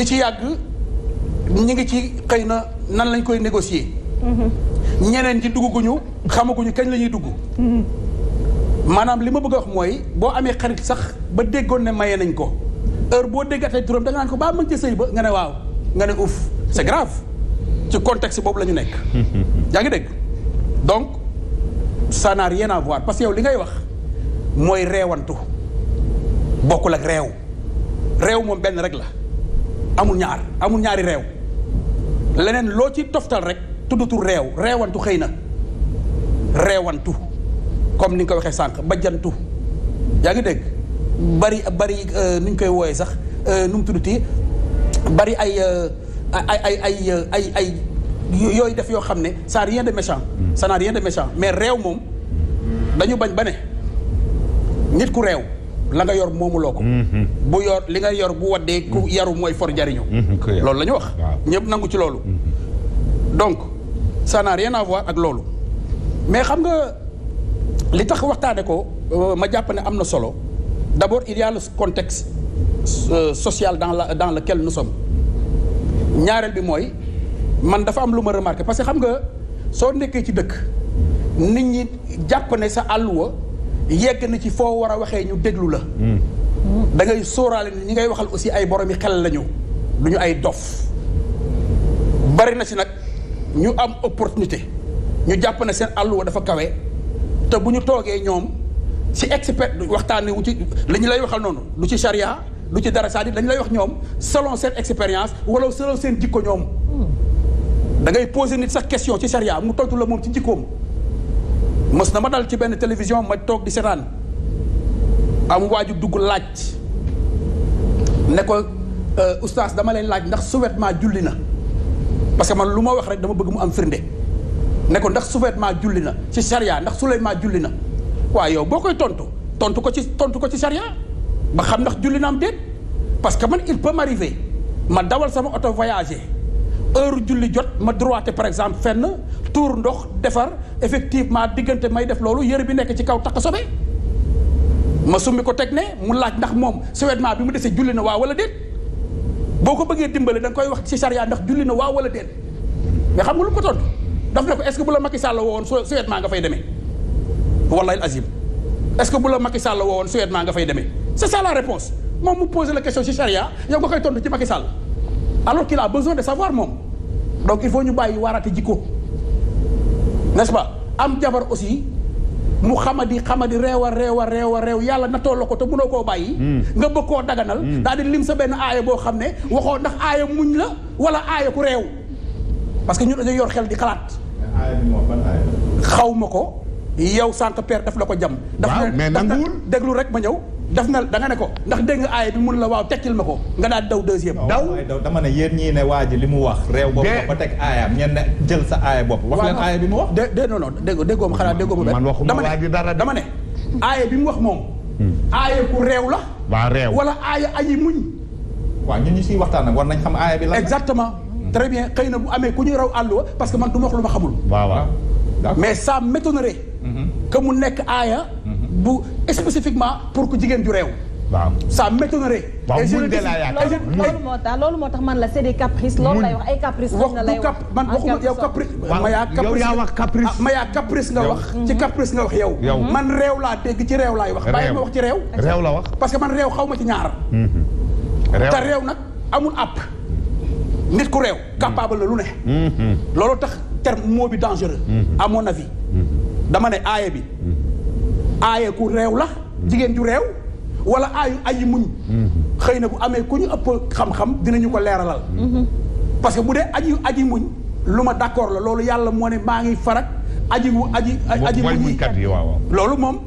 ñi ci yàgg ñi ngi ci xëy na nan lañ koy négocier. ñeneen ci dugguñu xamaguñu kañ la ñuy dugg. maanaam li ma bëgg a wax mooy boo amee xarit sax ba déggoon ne maye nañ ko heure boo déggatee turam da nga ko baa mën ca sëy ba nga ne waaw nga ne ouf c'est grave ci contexte boobu lañu ñu nekk. yaa dégg donc ça n'a rien à parce que yow li ngay wax mooy reewantu bokkul ak réew réew moom benn rek la. amul ñaar amul ñaari réew leneen loo ci toftal rek tuddutul réew réewantu xëy na réewantu comme ni nga ko waxee sànq bajjantu yaa ngi dégg bari bari euh, nu ñu koy wooyee sax euh, nu mu tuddati bari ay euh, ay ay ay ay yooyu def yoo xam ne saar rien de méchant hmm. ça n'a mais réew moom dañu bañ ba ne nit ku réew la nga yor moomuloo ko. Mm-hmm. bu yor li nga yor bu waddee ku mm-hmm. yaru mooy for jariño mm-hmm, loolu la ñu wax. ñëpp nangu ci loolu. donc ça n'a rien ak loolu. mais xam nga li tax waxtaane ko euh, ma jàpp ne am na solo d'abord il y a le contexte euh, social dans la dans lequel nous sommes ñaareel bi mooy man dafa am lu ma remarqué parce que xam nga soo nekkee ci dëkk nit ñi jàpp ne sa àlluwa. yegg na ci foo war a waxee ñu déglu la. Hmm. da ngay sóoraale ni ñi ngay waxal aussi ay boromi xel lañu lu ñu ay dof. bari na si nag ñu am opportunité ñu jàpp ne seen àlluwa dafa kawe te bu ñu toogee ñoom si expert waxtaanee wu ci li ñu lay waxal noonu lu ci charia lu ci dara c'est-à-dire lay wax ñoom selon seen expérience wala selon seen jikko ñoom. Hmm. da ngay poser nit sax question ci charia mu tontu la moom ci jikkoom. mës na ma dal ci benn télévision ma toog di seetaan am waaju dugg laaj ne ko euh, oustaz dama leen laaj ndax sous-vêtement julli na parce que man lu ma wax rek dama bëgg mu am firnde ne ko ndax sous-vêtement julli na ci charia ndax souleyment julli na waaye yow boo koy tontu tontu ko ci tontu ko ci charia ma xam ndax julli naa am déet parce que man il peut m'arriver ma dawal sama oto voyager heure julli jot ma droité par exemple fenn tuur ndox defar effectivement diggante may def loolu yëre bi nekk ci kaw takk sobe ma summi ko teg ne mu laaj ndax moom maa bi mu desee julli na waa wala déet boo ko bëggee dimbale da koy wax ci charia ndax julli na waa wala déet mais xam nga lu ko tontu daf ne ko est-ce que bu la Macky Sall woowoon maa nga fay demee wallahi azim est-ce que bu la Macky Sall woowoon sewetment nga fay demee c'est ça la réponse moom mu posé la question ci charia yow koy tontu ci Macky Sall alors qu'il a besoin de moom donc il faut ñu bàyyi waaraate jikko n'est-ce am jabar aussi mu xamadi xamadi réew a réew a réew a réew yàlla na la ko te mënoo koo bàyyi hmm. nga bëgg koo daganal hmm. daal di lim sa benn aaya boo xam ne waxoo ndax aaya muñ la wala aaya ku réew parce que ñu dañoo yor xel di xalaat xaw ma ko yow sànq père daf la ko jam daf mais nanguwul déglu rek ma ñëw daf na da ne ko ndax dégg nga aaya bi mun la waaw tekkil ma ko nga daal daw deuxième. daw daw dama ne yéen ñii ne waa ji li mu wax. réew boobu ba teg aayaam ñenn jël sa aaya bopp. wax leen aaya bi mu wax. dé dé non non déggoo déggoo ma xanaa déggoo ma. man waxuma waa mu wax moom. Hmm. aaya ku réew la. waa réew wala aaya ayi muñ. waaw ñun ñu siy waxtaan nag war nañ xam aaya bi la. exactement hmm. très bien xëy na bu amee ku ñuy raw àll wa parce que man du ma wax lu ma xamul. waaw waaw mais ça m'étonnerait hmm. que mu nekk aaya bu spécifiquement pour que jigéen ju réew. waaw ça m'étonnerait. waaw muñ de la yaakaar loolu moo tax man la c'est des caprices. loolu lay wax ay caprices xam na lay wax man ah, waxuma yow caprice. yow yaa ah, caprice nga wax. ci caprice nga wax yow. Mhm. man réew laa dégg ci réew laay wax. bàyyi ma wax ci réew. la wax parce que man réew xaw ci ñaar. Mhm. te réew nag amul àpp. nit ku réew mhm. capable la lu ne. loolu tax terme mot bi dangereux. à mon avis. dama ne aaye bi. aaye ku réew la jigéen ju réew wala aayu ayi muñ mm-hmm. xëy na bu amee ku ñu ëpp xam-xam dinañu ko leeralal mm-hmm. parce que bu dee aji aji muñ lu ma d'accord la loolu yàlla moo ne maa ngi farak aji wu aji aji muñ yi loolu moom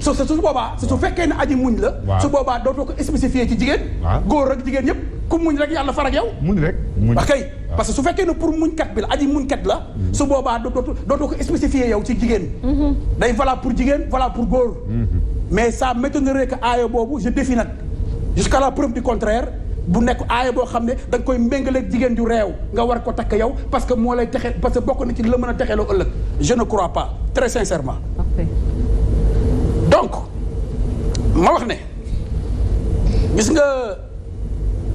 su su boobaa su fekkee ne aji muñ la su boobaa dootoo ko spécifié ci jigéen góor rek jigéen ñëpp ku muñ rek yàlla farak yow muñ rek muñ kay parce que su fekkee ne pour muñkat bi la aji muñkat la su boobaa dootu dootoo ko spécifier yow ci jigéen mhm. day valable pour jigéen valable pour góor mhm. mais ça m'étonnerait que aaya boobu je défie nag jusqu'à la preuve du contraire bu nekk aaya boo xam ne da koy méngaleeg jigéen ju réew nga war ko takk yow parce que moo lay texe parce que bokk na ci la mën a texeloo ëllëg je ne crois pas très sincèrement donc ma wax ne gis nga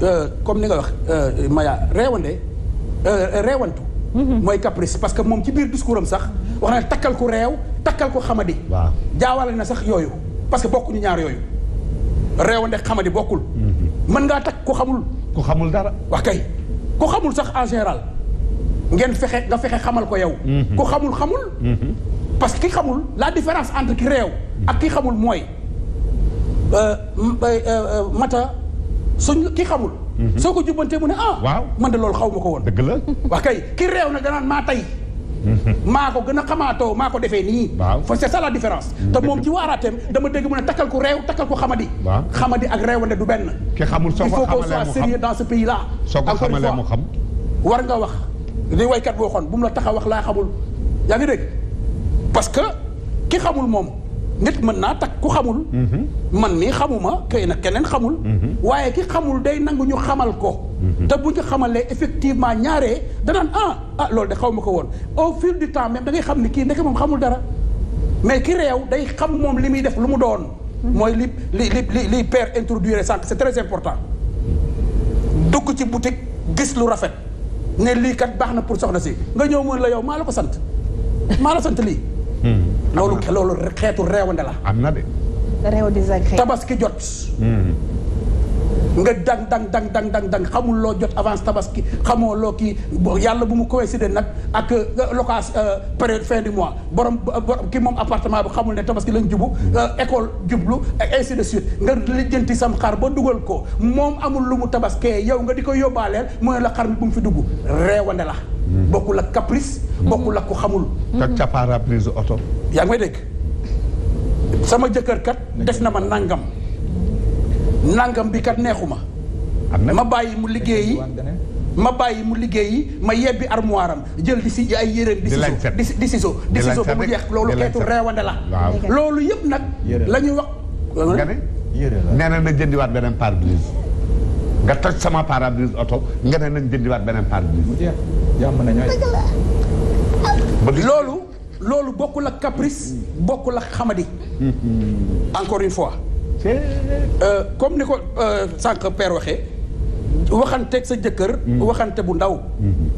euh, comme ni nga wax euh, m Euh, euh, reewantu mhm. mooy caprice parce que moom ci biir discours am sax wax na takkal ku reew takkal ku xamadi waaw jaawale na sax yooyu parce que bokkuñu ñaar yooyu reewande xamadi bokkul mhm. mën ngaa takk ku xamul ku xamul dara wax kay ku xamul sax en général ngeen fexe nga fexe xamal ko yow mhm. ku xamul xamul parce que ki xamul la différence entre ki réew ak ki xamul mooy euh, mata suñ ki xamul Mhm. soo ko jubbantee mu ne ah. waaw man de loolu xaw ma ko woon. dëgg la wax kay ki réew na danaan maa tey. Mhm. maa ko gën a xamaatoo maa ko defee nii. waaw fa c'est la différence. Mhm. te moom ci waaraateem dama dégg mu ne takkal ko réew takkal ko xamadi. waaw xamadi ak réewande du benn. ki xamul soo ko xamalee mu xam il faut qu'on soit sérieux dans ce pays là. encore une fois war nga wax. li waykat boo xoon bu mu la tax wax laa xamul yaa ngi dégg parce que ki xamul moom. nit mën naa takk ku xamul. Mhm. man mii xamuma xëy na keneen xamul. Mhm. waaye ki xamul day nangu ñu xamal ko. Mhm. te bu ñu xamalee effectivement ñaaree danaan ah ah loolu de xaw ma ko woon au fil du temps même da ngay xam ni kii nekk moom xamul dara mais ki réew day xam moom li muy def lu mu doon. mooy li li li li père introduire sànq c'est très important. dugg ci boutique gis lu rafet ne lii kat baax na pour soxna si nga ñëw mën la yow maa la ko sant maa la sant lii. loolu loolu xeetu réewande la. am na de. réew désagréable. tabaski jot. Hmm. nga dang dang dang dang xamul loo jot avance tabaski xamoo loo kii yàlla bu mu coïncider nag ak euh, location euh, période fin du mois borom ki moom appartement bi xamul ne tabaski lañ jubu euh, école jublu ainsi suite nga lijjanti sam xar ba dugal ko moom amul lu mu tabaskee yow nga di ko yóbbaaleel mooy la xar mi bu mu fi dugg réewande la bokkul ak caprice. bokkul ak ku xamul. toj cappaara prise oto. yaa ngi may dégg sama jëkkër kat def na ma nangam nangam bi kat neexuma ma bàyyi mu liggéeyi. ma bàyyi mu liggéeyi ma yebbi armoire am jël di si ay yéreem di siso di di siso di siso ba mu jeex loolu xeetu reewande la loolu yëpp nag la ñuy wax nee na na jëndiwaat beneen pare-brise nga toj sama pare oto nga nañ jëndiwaat beneen pare-brise. loolu. loolu bokkul ak caprice. Hmm. bokkul ak xamadi. Hmm. encore une fois. Euh, comme ni ko euh, sànq per waxee. waxanteeg sa jëkkër. Hmm. waxante bu ndaw.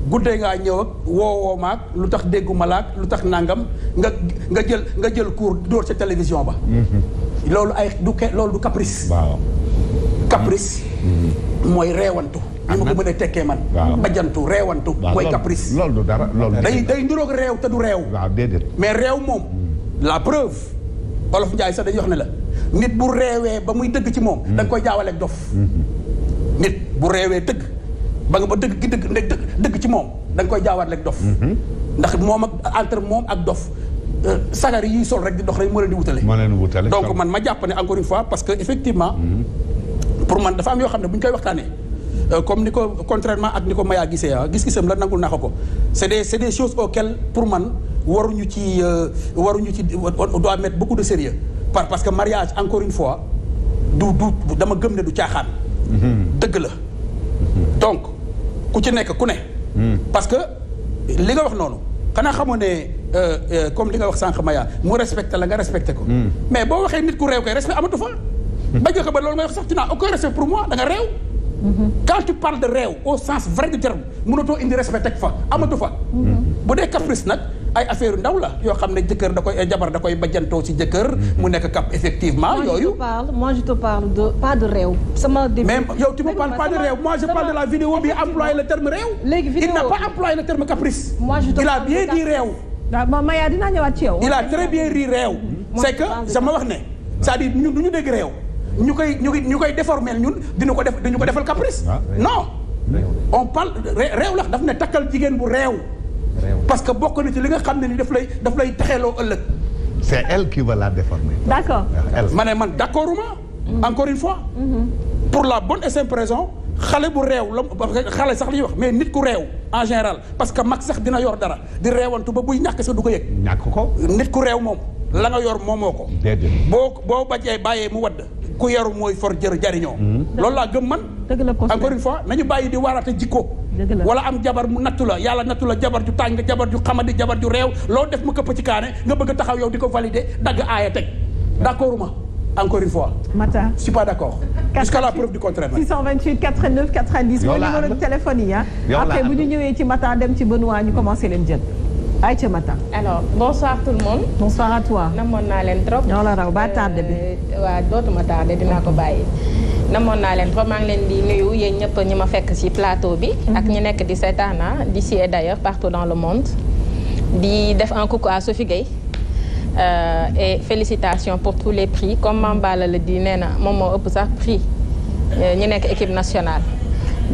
guddee ngaa ñëw ak woowoo maag lu tax dégguma laag lu tax nangam nga jël nga jël cours dóor sa télévision ba. loolu ay du ke loolu caprice. caprice. mooy reewantu. am na ni ma ko mën a tekkee man. waaw bajantu reewantu. mooy caprice. loolu du dara loolu day day nduroog réew te du réew. waaw déedéet. mais réew moom. Hmm. la preuve. olof Njaay sax dañuy wax ne la nit bu réewee ba muy dëgg ci moom. Hmm. da koy jaawaleeg dof. Hmm. bu réewee dëgg ba nga ba dëgg gi dëgg dëgg ci moom da nga koy jaawaleeg dof. ndax moom ak entre moom ak dof. Euh, sagar yi sol rek di dox rek moo leen di wutale. moo leen di wutale donc man ma jàpp ne encore une fois parce que effectivement. pour man dafa am yoo xam ne bu ñu koy waxtaanee euh, comme ni ko contrairement ak ni ko mayaa gisee ah gis-gisam la nangul naa ko ko c'est des c'est des choses auxquelles pour man waruñu ci euh, waruñu ci doit mettre beaucoup de sérieux par parce que mariage encore une fois du du dama gëm ne du caaxaan. Mm-hmm. dëgg la. donc ku ci nekk ku ne. Mm. parce que li nga wax noonu xanaa xamoo ne euh, comme li nga wax sànq maya mu respecté la nga respecté ko. Mm. mais boo waxee nit ku réew kay respect amatu fa. ba joxe ba loolu ngay wax sax tu n'as aucun respect pour moi da nga réew. quand de réew au sens vrai du terme mënatoo indi respect teg fa amatu fa. bu dee caprice nag ay affaire ndaw la yoo xam ne jëkkër da koy jabar da koy bajjantoo ci jëkkër. mu nekk cap effectivement yooyu. moi je te sama début mais yow tu me parles de réew moi je parle de la vidéo bi employé le terme réew. il n'a pas employé le terme caprice. il a bien dit réew. waaw Maya dinaa ñëwaat ci yow. il a très bien ri réew. c'est que sama wax ne c'est-à-dire ñu dégg réew. ñu koy ñu koy ñu koy ñun dina ko def dañu ko defal caprice. Ah, non. on parle réew lax daf ne takkal jigéen bu reew parce que bokk na ci li nga xam ne ni daf lay daf lay taxeloo ëllëg. c'est elle qui va la déformer. d'accord ah, ma ne man d'accorduma mm-hmm. encore fois. Mm-hmm. pour la bonne et simple raison xale bu réew la xale sax li ñuy wax mais nit ku réew en général parce que mag sax dina yor dara di réewantu ba buy ñàkk sax du ko yëg. ñàkk ko nit ku réew moom la nga yor moomoo ko. déedéet boo boo bajee bàyyee mu wadd ku yaru mooy for jër jariñoo hmm. loolu laa gëm man encore une fois nañu bàyyi di waaraate jikko wala am jabar mu nattu la yàlla nattu la jabar ju tàng jabar ju xamadi jabar ju réew loo def mu këpp ci kaane nga bëgg a taxaw yow di ko valider dagg aaya teg d'accord uma encore une fois. matin je suis pas d' accord. téléphone yi ah. après bu ñu ñëwee ci matin dem ci Benoît ñu commencé leen jël. Aïcha Matam. alors bonsoir tout le monde. bonsoir à toi. namoon naa leen trop. ñoo la raw ba tardé bi. Euh, waaw dootuma tardé dinaa ko bàyyi. namoon naa leen trop maa ngi leen di nuyu yéen ñëpp ñi ma fekk ci plateau bi. Mhm. ak ñi nekk di seetaana ah, d'ici et d'ailleurs partout dans le monde. di def un coucou à Sophie e Euh, et pour tous les prix comme Mambala la di nee na moom moo ëpp sax prix euh, ñu nekk équipe nationale.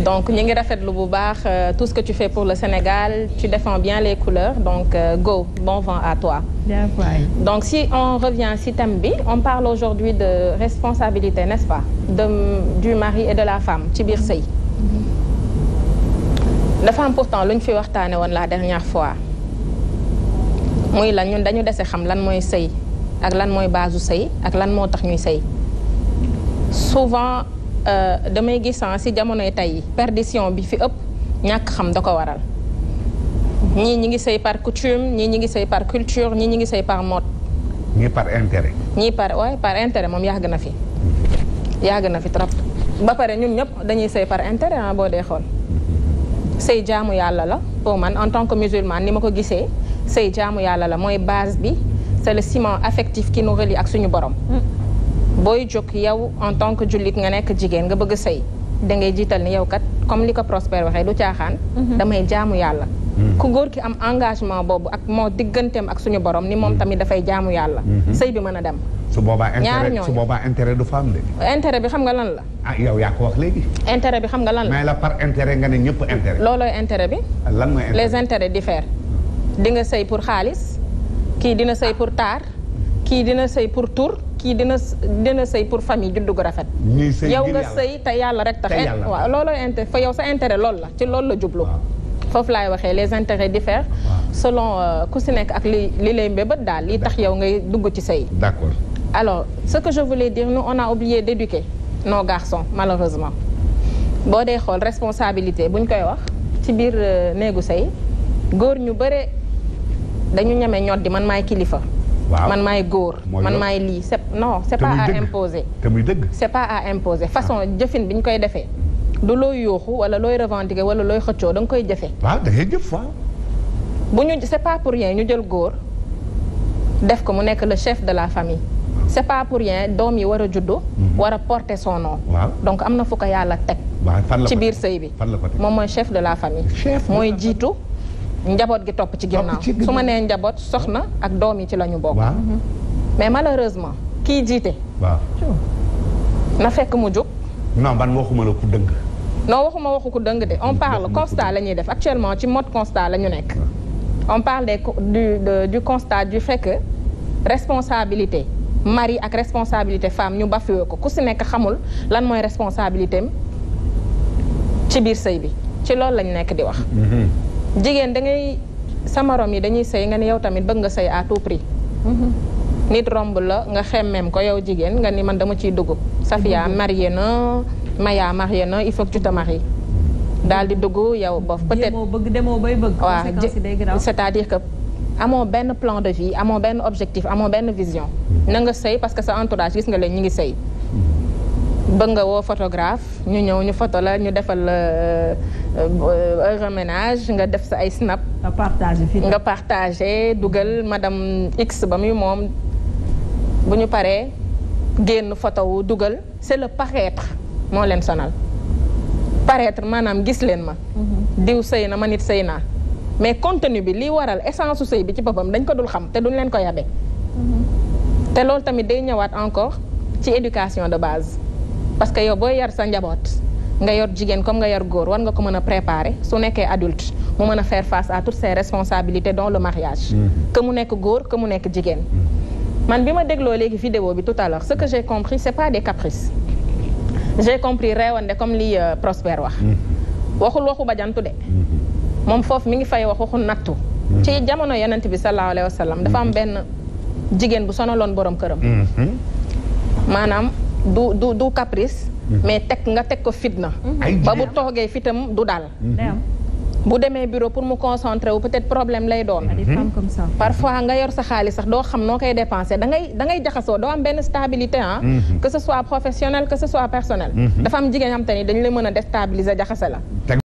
donc ñu ngi rafetlu bu baax euh, tout ce que tu fais pour le Sénégal tu défends bien les couleurs donc euh, go bon vent à toi. donc si on revient si thème bi on parle aujourd'hui de responsabilité n'est-ce pas de du mari et de la femme ci biir sëy dafa am lu ñu fi waxtaane woon la dernière fois muy lan ñun dañu dese xam lan mooy sëy ak lan mooy baasu sëy ak lan moo tax ñuy sëy souvent Euh, damay gis si jamonoy tey perdition bi fi ëpp ñàkk xam da ko waral ñii ñi ngi sëy par coutume ñii ñi ngi sëy par culture ñii ñi ngi sëy par mode. ñii par intérêt. ñii par waay par intérêt moom yàgg na fi yàgg na fi trop ba pare ñun ñëpp dañuy sëy par intérêt ah boo dee xool sëy jaamu yàlla la pour man en tant que musulman ni ma ko gisee sëy jaamu yàlla la mooy base bi c'est le ciment affectif ki nous relie ak suñu borom. Mm. booy jóg yow en tant que jullit nga nekk jigéen nga bëgg sëy da ngay jiital ni yow kat comme li ko Prospère waxee du caaxaan. Mhm. damay jaamu yàlla. Mhm. ku góor ki am engagement boobu ak moo digganteem ak suñu borom ni moom mhm. tamit dafay jaamu yàlla. sëy bi mën a dem. su boobaa intérêt su boobaa intérêt du femme de. intérêt bi xam nga lan la. ah yow yaa ko wax léegi. bi xam nga lan la. la par intérêt nga ne ñëpp intérêt. loolooy intérêt bi. lan mooy intérêt les intérêts diffèrent. di nga sëy pour xaalis kii dina sëy pour taar. kii dina sëy pour tur kii dina dina sëy pour famille juddu gu rafet. yow nga sëy te yàlla rek tax. Eh, waaw looloo intérêt fa yow sa intérêt loolu la ci loolu la jublu. foofu laay waxee les intérêts diffèrent selon euh, ku si nekk ak li li lay mbébét daal li tax yow ngay dugg ci sëy. d'accord alors ce que je voulais dire nous on a oublié d'éduquer nos garçons malheureusement boo dee xool responsabilité buñ koy wax ci biir euh, néegu sëy góor ñu bare dañu ñeme ñoddi man maay kilifa. waaw man maay góor. man maay lii c'est non c'est pas à imposer. te dëgg c'est pas à imposer façon ah. jëfin bi ñu koy defee. du looy yooxu wala looy revendiquer wala looy xëccoo da nga koy jëfee. waaw da ngay bu ñu c'est pas pour rien ñu jël góor def ko mu nekk le chef de la famille. c'est pas pour rien doom yi war a juddu. Mhm. war a porter son nom. donc am na fu ko yàlla teg. ci biir sëy bi. moom mooy chef de la famille. mooy jiitu. njaboot gi topp ci ginnaaw su ma nee njaboot soxna ak doom yi ci la ñu bokk mais malheureusement kii jiite na fekk mu jóg noo ban waxuma la ku dëng non waxuma waxu ku dëng de on parle constat la ñuy def actuellement ci mode constat la ñu nekk on parle des du du constat du fait responsabilité mari ak responsabilité femme ñu bafoué ko ku si nekk xamul lan mooy responsabilité am ci biir sëy bi ci loolu lañ nekk di wax mhm. jigéen da ngay sa morom yi dañuy sëy nga ni yow tamit bëgg nga sëy à tout prix. Mhm. nit romb la nga xemmeem ko yow jigéen nga ni man dama ciy dugg. Safia mhm. marié na Maya marié na il faut que tu te daal di dugg yow boo peut-être demoo bëgg demoo bay bëgg. waaw c'est-à-dire que amoo benn plan de vie amoo benn objectif amoo benn vision. Mhm. na nga sëy parce que sa entourage gis nga leen ñi ngi sëy. bëgg nga woo photographe ñu ñëw ñu photo la ñu defal euh, euh, reménage nga def sa ay snap. nga partagé fii nga partagé dugal madame X ba muy moom bu ñu paree génn photo wu dugal c'est le paraître moo leen sonal paraître maanaam gis leen ma. Mhm. diw sëy na ma nit sëy naa. mais contenu bi liy waral essence su sëy bi ci boppam dañ ko dul xam te duñ leen ko yabe. Mhm. te loolu tamit day ñëwaat encore ci éducation de base. parce que yow booy yar sa njaboot nga yor jigéen comme nga yor góor war nga ko mën a préparer su nekkee adulte mu mën a faire face à toutes ses responsabilités dans le mariage. Mm. que mu nekk góor que mu nekk jigéen. Mm. man bi ma dégloo léegi vidéo bi tout à l'heure ce que j'ai compris c'est pas des caprices j'ai compris reewande comme li euh, Prospère wax. Mm. waxul waxu jantu de. Mm-hmm. moom foofu mu ngi fay wax waxu nattu. ci jamono yonent bi sallallahu alayhi wa sallam dafa am mm-hmm. benn jigéen bu sonaloon borom këram. Mm-hmm. maanaam. du du du caprice. Mhm. mais teg nga teg ko fitna. Mhm. ba bu toogee fitam du daal. Mhm. bu demee bureau pour mu concentrer wu peut-être problème lay doon. parfois nga yor sa xaalis sax doo xam noo koy dépenser dangay ngay da ngay jaxasoo doo am benn stabilité ah. sa ce soit professionnel que ce soit personnel. dafa am jigéen xam te ni dañu la mën a déstabiliser jaxase la.